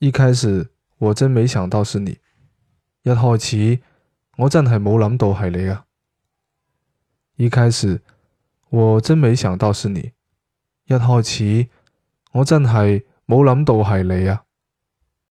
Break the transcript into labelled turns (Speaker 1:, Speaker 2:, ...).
Speaker 1: 一開始，我真沒想到是你，一開始我真係冇諗到係你啊！一開始，我真沒想到是你，一開始我真係冇諗
Speaker 2: 到係你啊！